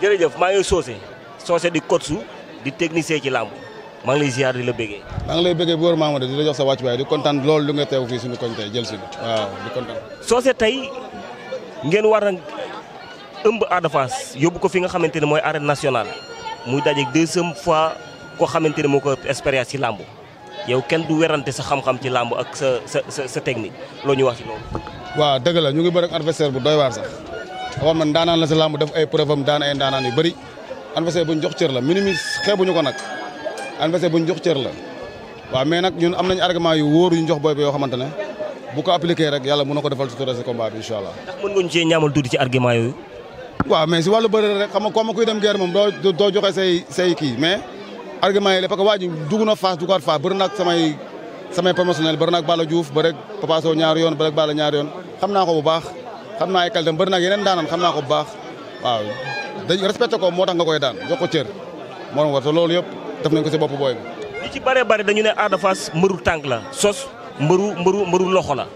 jërëjëf maa ngi soose di kotsu di technicien ci làmb maa ngi lay ziar di la bëggee. maa ngi lay bëggee bu wër Mamadou di la jox sa wàccuwaay di kontaan loolu lu nga teew fii suñu koñ tey jël si waaw di kontaan. Socé tey ngeen war a ëmb Ada Fass yóbbu ko fi nga xamante ne mooy arène nationale muy daje deuxième fois koo xamante ne moo ko expérience ci làmb yow kenn du werante sa xam-xam ci làmb ak sa sa sa technique loo ñu wax ci loolu. waaw dëgg la ñu ngi bëri ak bu doy waar sax waxoon man daanaan la sa làmb ay preuve am daan yu bëri adversaire bu ñu jox cër la minimis xeebuñu ko nag. adversaire bu ñu jox cër la waaw mais nag ñun am nañu argument yu wóor yu ñu jox booy yoo xamante ne bu ko appliqué rek yàlla mën na ko defal ci tour si combat bi incha allah. ndax mën nga ñu cee ñaamal tuuti ci argument yooyu. waaw mais si wàllu bëre rek xam nga comme kuy dem guerre moom doo doo joxe say say kii mais argument yi la parce que waa ji dugg na Fass duggaat Fass bëri na ak samay samay promotionnel bëri na ak Balla Diouf ba yoon ba rek ñaar yoon xam naa ko bu baax xam naa ay qualité bëri na ak yeneen daanaan xam naa ko bu baax waaw dañ respecté ko moo tax nga koy daan jox ko cër moo war te loolu yëpp def nañ ko si bopp booy bi. li ci bëree bëri dañu ne Ada Fass mbëru tànk la sos mbëru mbëru mbëru loxo la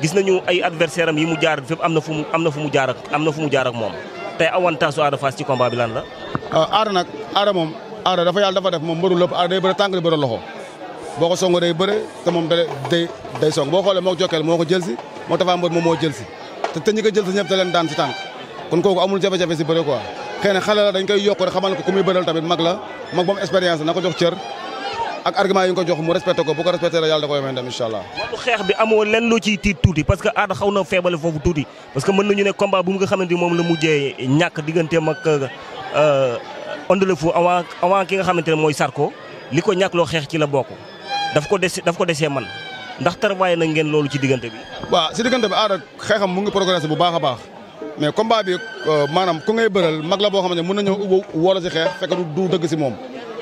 gis nañu ay adversaire am yi mu jaar fépp am na fu mu am na fu mu jaar am na fu mu jaar ak moom te avantage su Ada Fass ci combat bi lan la. Ah, Ada nag Ada moom Ada dafa yàlla dafa def moom mbëru lépp Ada day bëre tànk di bëre loxo boo ko song day bëre te moom day day day song boo xoolee moo jokkeel moo ko jël si moo tafa mbër moom moo jël si te te ñi ko jël si ñëpp daan si tànk kon kooku amul jafe-jafe si bëre xëy na xale la dañ koy yokk rek xamal ko ku muy bëral tamit mag la mag moom expérience na ko jox cër ak argument yi nga ko jox mu respecté ko bu ko respecté la yàlla da koy may ndam incha xeex bi amoo lenn lu ciy tiit tuuti parce que aada xaw na feebale foofu tuuti parce que mën nañu ne combat bu nga xamante ni moom la mujjee ñàkk digganteem ak euh, euh, Onde Fou avant avant ki nga xamante ne mooy Sarko li ko ñàkk loo xeex ci la bokk daf ko des daf ko desee man ndax travaillé na ngeen loolu ci diggante bi waaw si diggante bi aada baax a baax mais combat bi euh, maanaam ku ngay bëral mag la boo xam ne mën na ñëw ubbi woola si xeex fekk du dëgg si moom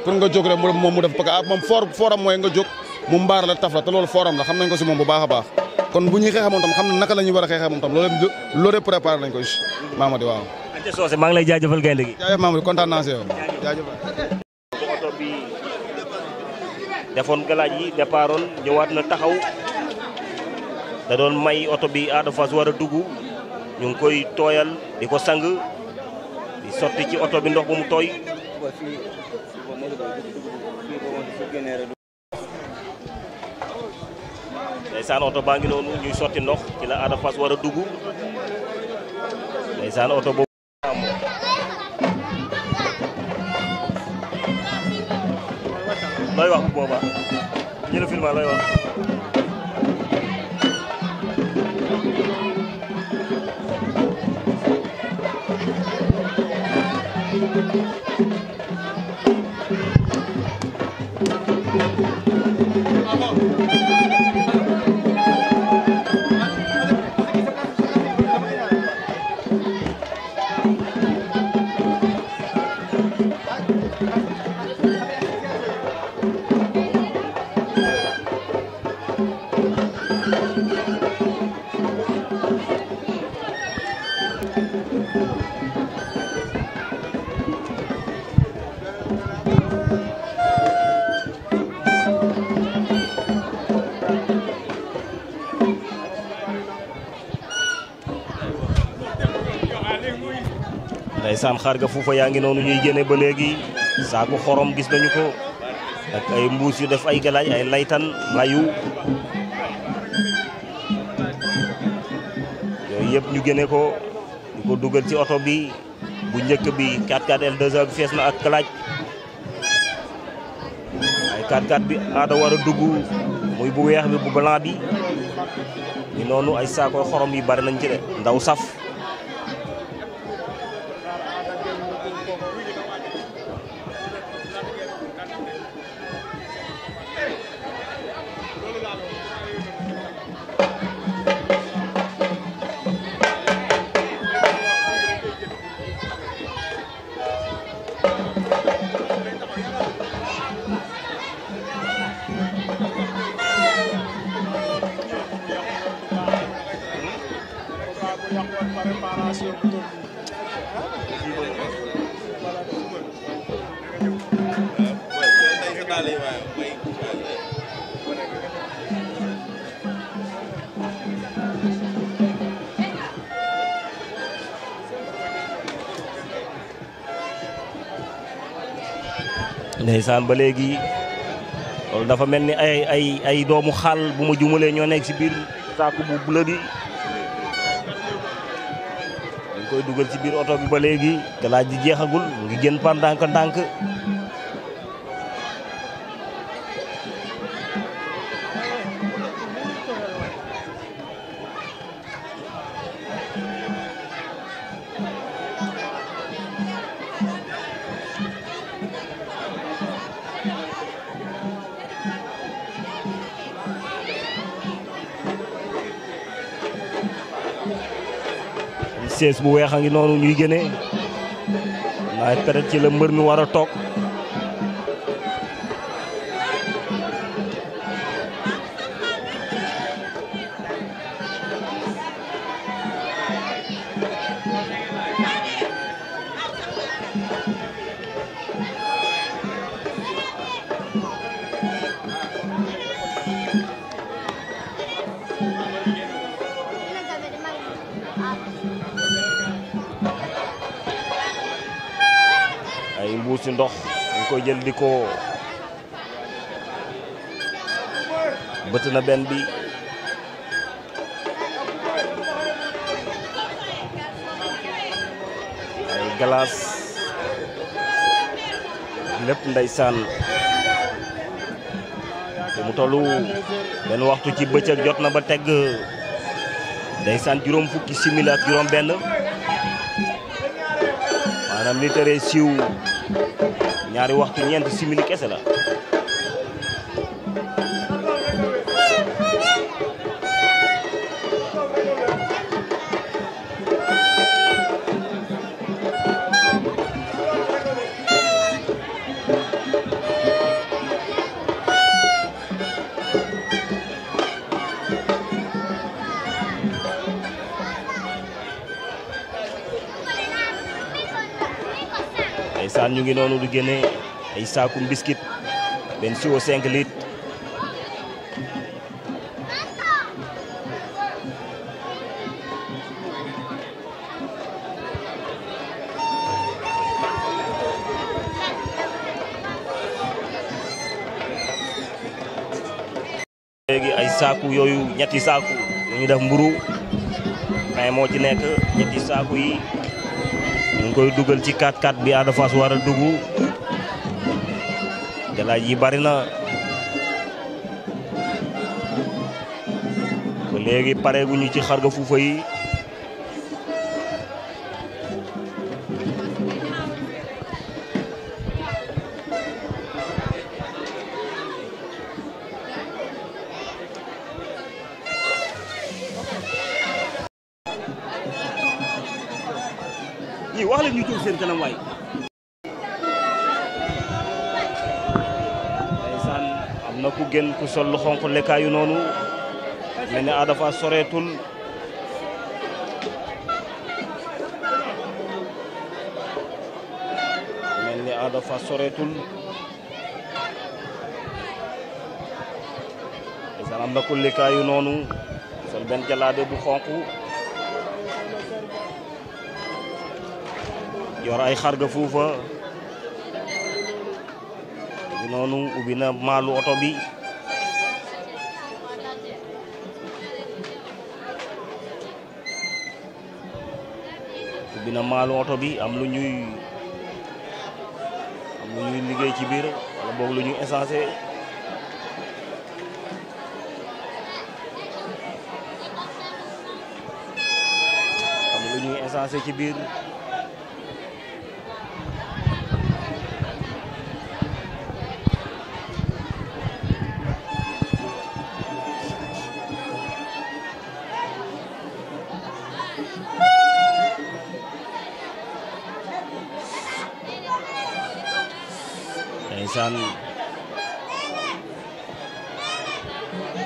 pour nga jóg rek moom mu def parce que ah, moom fooram mooy nga jóg mu mbaar la taf la te loolu fooram la xam nañ ko si moom bu baax a baax kon bu ñuy xeexa moom tam xam na naka la war a xeexa moom tam loolu loolu préparé nañ ko Mamadi waaw Adja lay jaajëfal gaynde gi jaajëf kontaan naa si yow jaajëfal defoon galaaj yi départoon ñëwaat da ñu ngi koy tooyal di ko sang di sotti ci oto bi ndox bu mu tooy. ndeysaan oto baa ngi noonu ñuy sotti ndox ci la Ada Fass war a dugg ndeysaan oto boobu. looy wax bu boobaa ñu la filma looy wax. Vamos. ndeysaan xar ga yaa ngi noonu ñuy génne ba léegi saaku xorom gis nañu ko ak ay mbuus yu def ay galaaj ay laytan mayu yooyu yëpp ñu génne ko ñu ko dugal ci oto bi bu njëkk bi 4-4 2 bi fees na ak galaaj ay 4-4 bi aada war a dugg muy bu weex bi bu blanc bi ñu noonu ay saako xorom yi bari nañ ci ndaw saf ndeysaan ba léegi loolu dafa mel ni ay ay ay doomu xaal bu ma jumalee ñoo nekk si biir saaku bu bula bi dañ koy dugal ci biir oto bi ba léegi galaaj ji jeexagul mu ngi génn par ndànk ndànk siège bu weex a ngi noonu ñuy génnee waaye peut-être ci la mbër mi war a toog ci ndox dañ koy jël na benn bi ay galaas lépp ndeysaan te mu tollu benn waxtu ci bëccëg jot na ba tegg ndeysaan juróom fukki simili ak benn maanaam li tere ñaari waxtu ñeent simili kese la ñu ngi noonu di génne ay saakum biscuit benn siwo cinq litres léegi ay saaku yooyu ñetti saaku ñu def mburu mais moo ci nekk ñetti saaku yi ngi koy dugal ci 4-4 bi Ada Fass war a dugg galaaj yi bari na ba léegi pare ñu ci xarga fuufa yi sol lu xonq yu noonu mel ni Ada mel ni Ada Fass soreetul isan am na ku lekkaayu noonu sol benn jalaade bu xonq yor ay xarga fuufa noonu ubbi na maalu oto bi dina maalu oto bi am lu ñuy liggéey ci biir wala boog lu ñuy essencé am lu ñuy essencé ci biir ndeysaan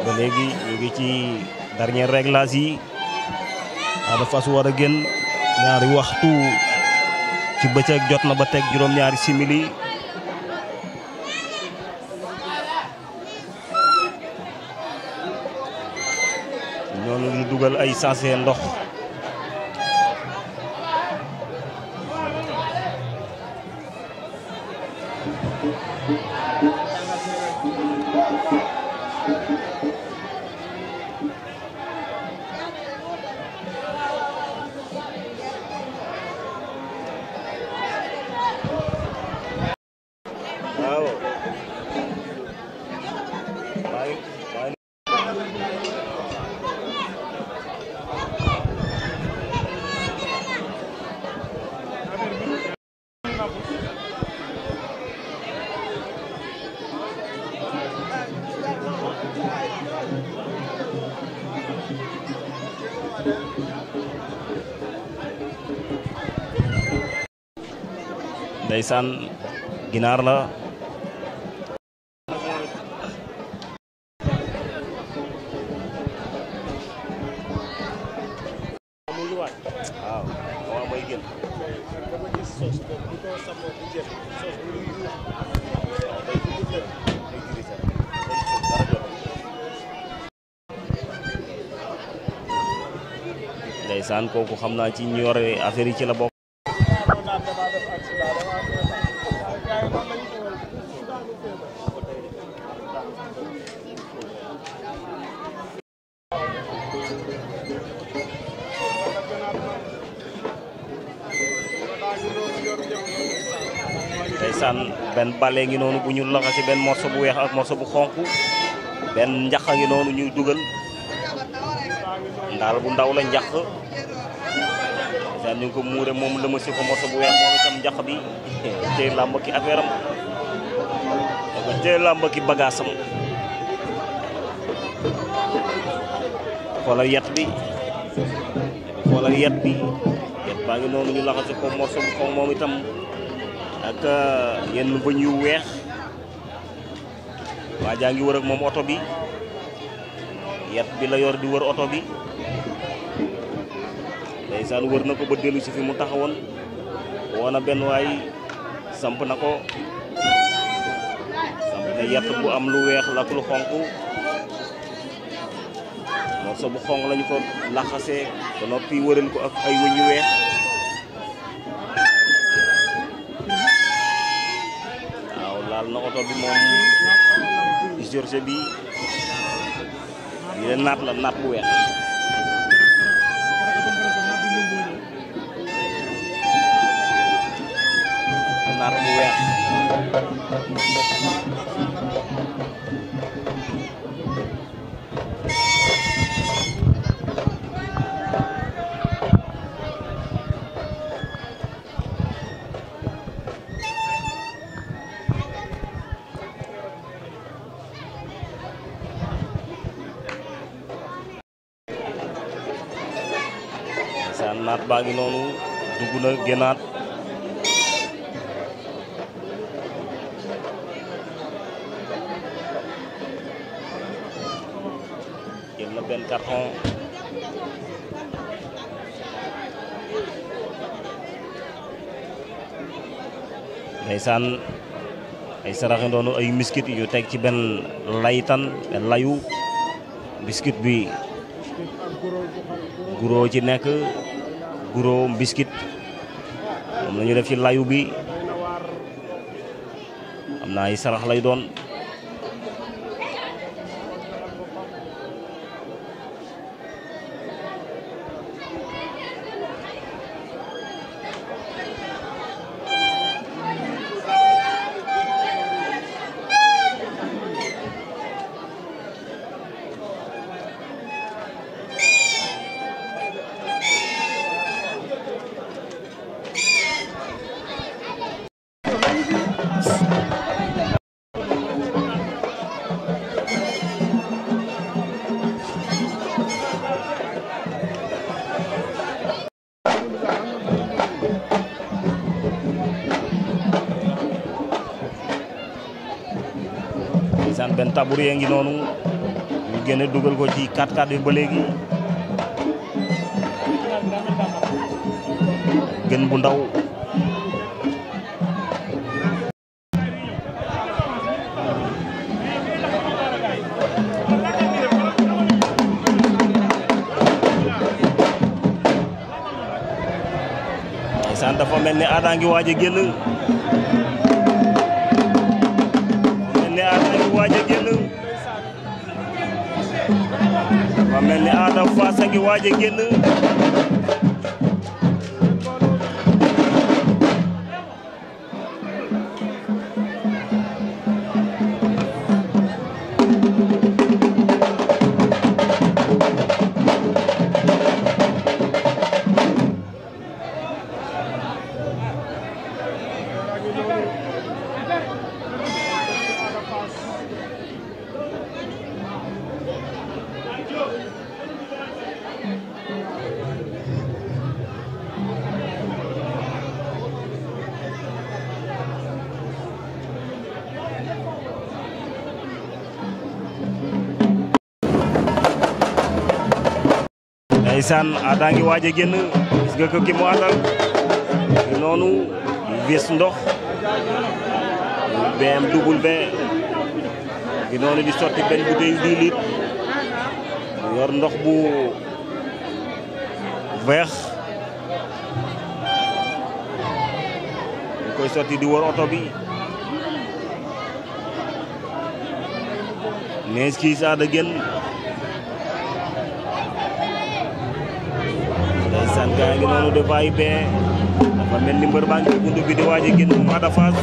ba léegi ñu ngi ci dernier réglage yi Ada Fass war a génn ñaari waxtu ci bëccëg jot na ba teg juróom-ñaari simili ñoo ngi dugal ay saase ndox ndeysaan ginaar la kooku xam naa ci ñi yore affaire yi ci la bokk ndeysaan benn noonu bu ñu laxa benn morso bu weex ak bu xonk njax a ngi noonu ñuy dugal bu ndaw la njax daan ko muure moom lëma si bu weex moom bi tey làmb ki affaire am ko tey làmb ki bagaasam xoolal yet bi xoolal yet bi yet baa ngi noonu ñu laxasi ko morso bu xonk moom itam ak euh, yenn bëñ yu weex waa jaa ngi wër moom oto bi yat bi la yor di wër oto bi ndeysaan wër na ko ba dellu si fi mu taxawoon woon a benn waay samp na ko samp na yat bu am lu weex la ak lu xonq morso bu xonq lañu ko laxasee ba noppi wëral ko ak ay wëñ yu weex oto bi moom George bi lii la naat la naat bu weex naat bu weex naat baa ngi noonu dugg na génnaat jël na benn carton ay saraxe doonu ay miskit yu teg ci benn laytan benn layu biskit bi guro ci nekk guro biscuit moom la ñu def ci layu bi am na ay sarax lay doon tabur yee ngi noonu ñu génne dugal ko ci 4-4 bi ba léegi gën bu ndaw sant dafa mel ni aada ngi waaj génn mel ni Ada Fass a ngi génn ndeysaan Ada ngi waaj a génn gis nga ko ki mu àndal noonu vis ndox BMW gi noonu di sotti benn bouteille dix litres yor ndox bu weex ñu koy sotti di wër oto bi Nez Kiis Ada génn gaa ngi noonu de vaillé bien dafa mel ni mbër baa ngi gudd bi di waaj a génn Ada Fass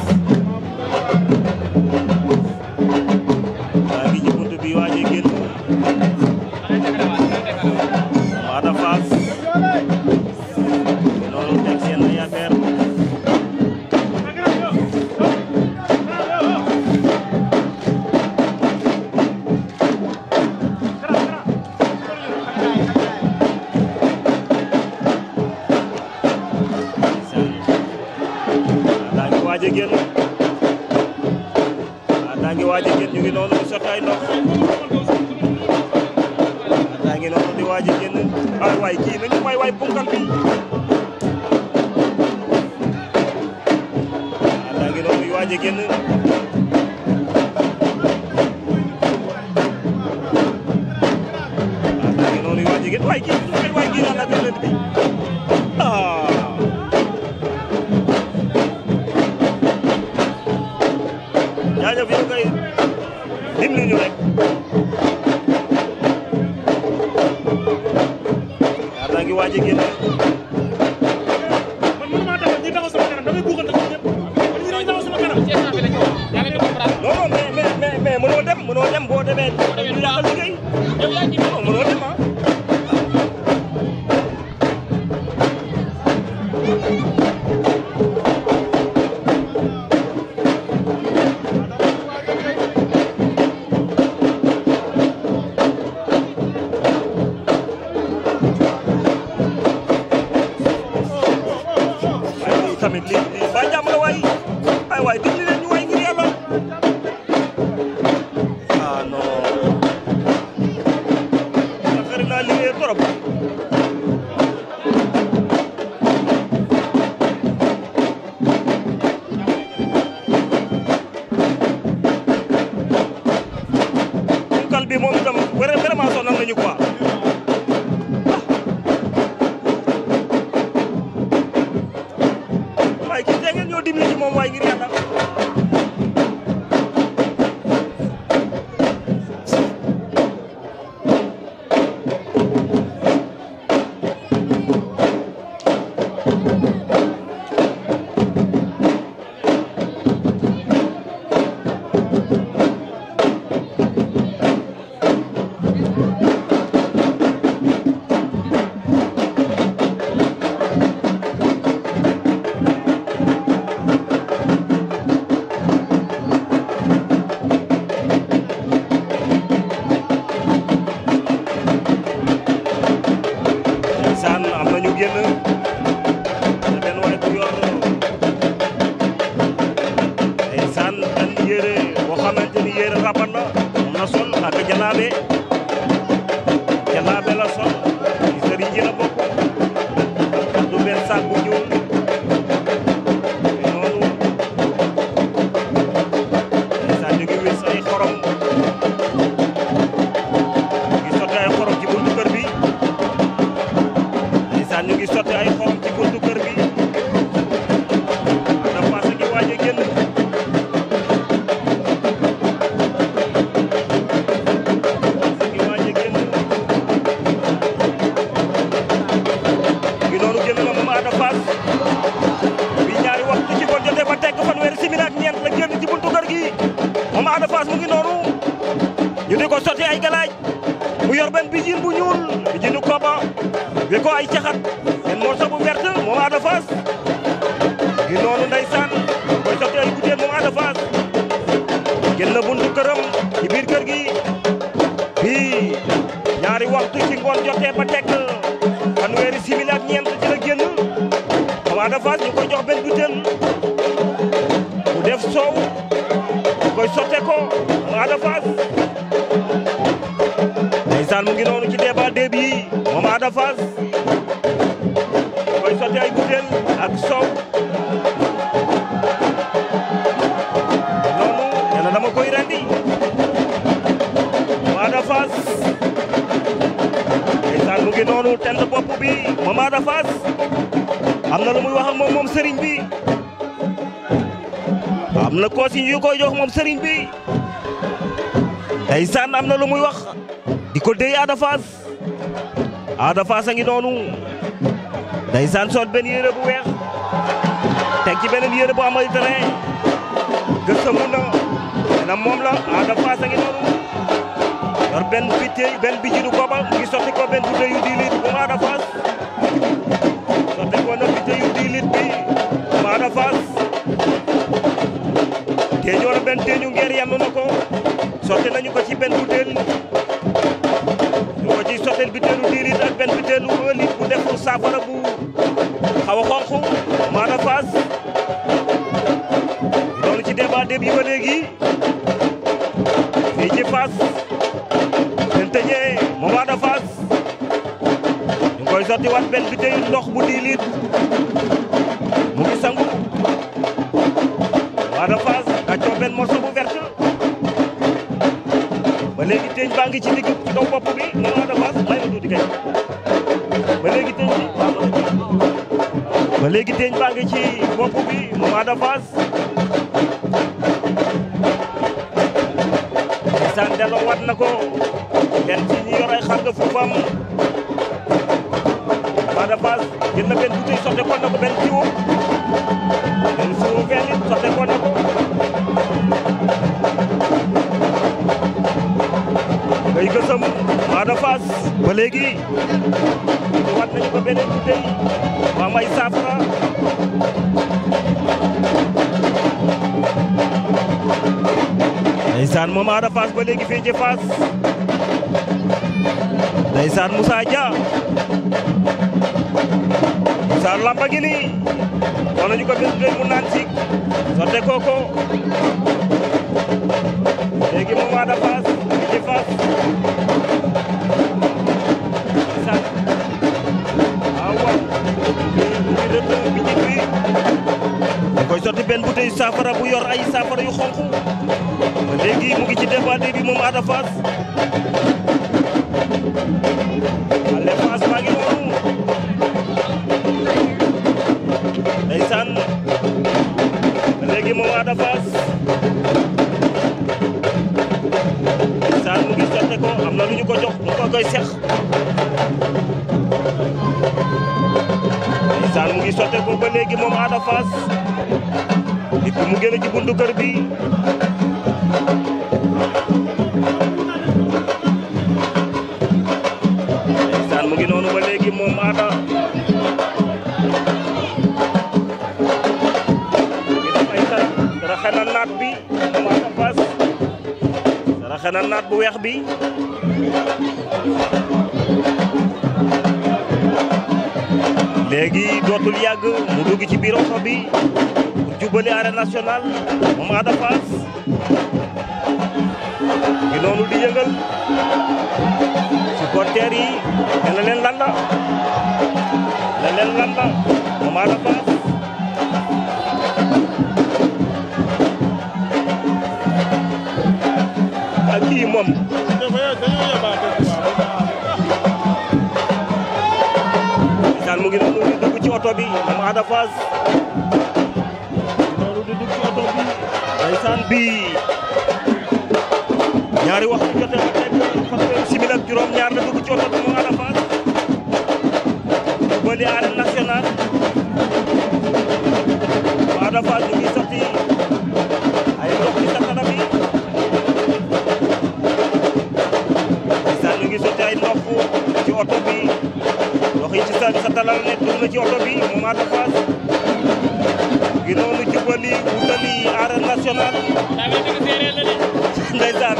rajo bi ñu koy dimli ñu rek borom Ada Fass ñu koy jox benn butéel mu def soow ñu koy sotte ko Ada Fass ndeysaan mu ngi noonu ci débat déeb yi moom Ada Fass koy sotte ay butéel ak soow noonu nee na dama koy rendi moom Ada Fass mu ngi noonu tent bopp bi moom Ada am na lu muy wax ak moom moom sëriñ bi am na consigne yu koy jox moom sëriñ bi ndeysaan am na lu muy wax di ko déy Ada Fass Ada Fass a ngi noonu ndeysaan sol bu weex teg ci beneen yére bu amay train gëstamu na moom la Ada Fass a ngi noonu yor benn bitéy benn bijidu ko benn bouteille yu di litre bu arbitre bi Ada Fass teeñu war a benn teeñu ngeer yàlla na ko sotti nañu ko ci benn butéel ñu ko ci sotteel butéelu diirit ak benn butéelu ëlit bu def saafara bu xaw a xonq Ada Fass loolu ci débat déb yi ba léegi fii ci Fass ten tëjee moom Ada ñu koy sotti waat benn butéelu ndox bu diirit gàccoo benn morceau bu verte ba léegi teeñ baa ngi ci digg ci kaw bopp bi non non avance may ma kay ba léegi teeñ léegi teeñ baa ngi ci bopp bi moment d'avance saan delloo waat na ko benn ci ñi ay xar nga fuufam moment d'avance gën na benn butéy sotte kon na ko benn jiwu Mbaye Gueusseum Ada Fass ba léegi wat nañu ko beneen bu tey waa may saafara ndeysaan moom Ada Fass ba léegi fii ci Fass ndeysaan Moussa Dia Moussa lamba gi nii ko benn mu naan sik sotte kooko léegi moom Ada Fass ci Fass sàn waaw waaw bi njëkk bi da sotti benn bouteille saafara bu yor ay saafara yu xonq léegi mu ngi ci débat bi moom Ada Fass ale Fass maa ngi noonu ndeysaan léegi moom Ada am na lu ñu ko jox lu ko koy seq ndeysaan mu ngi sotteeku ba léegi moom Ada Fass nit mu génn ci kër bi ndeysaan mu ngi noonu ba léegi moom Ada mu ngi def ay tara tara xena naat bi moom Ada Fass tara xena naat bu weex bi léegi dootul yàgg mu ci biir oto bi pour jubbali arène nationale moom Ada Fass ngi noonu di yëngal supporters yi ne oto bi moom Ada Fass noonu di dugg ci oto bi ndeysaan bi ñaari waxtu jote ak fanweeri simili ak juróom ñaar la dugg ci oto bi moom Ada Fass bëli arène nationale Ada Fass mu ngi sotti sa talal ne dugg na ci oto bi moment de passe gi noonu jubali wutali arène nationale ndeysaan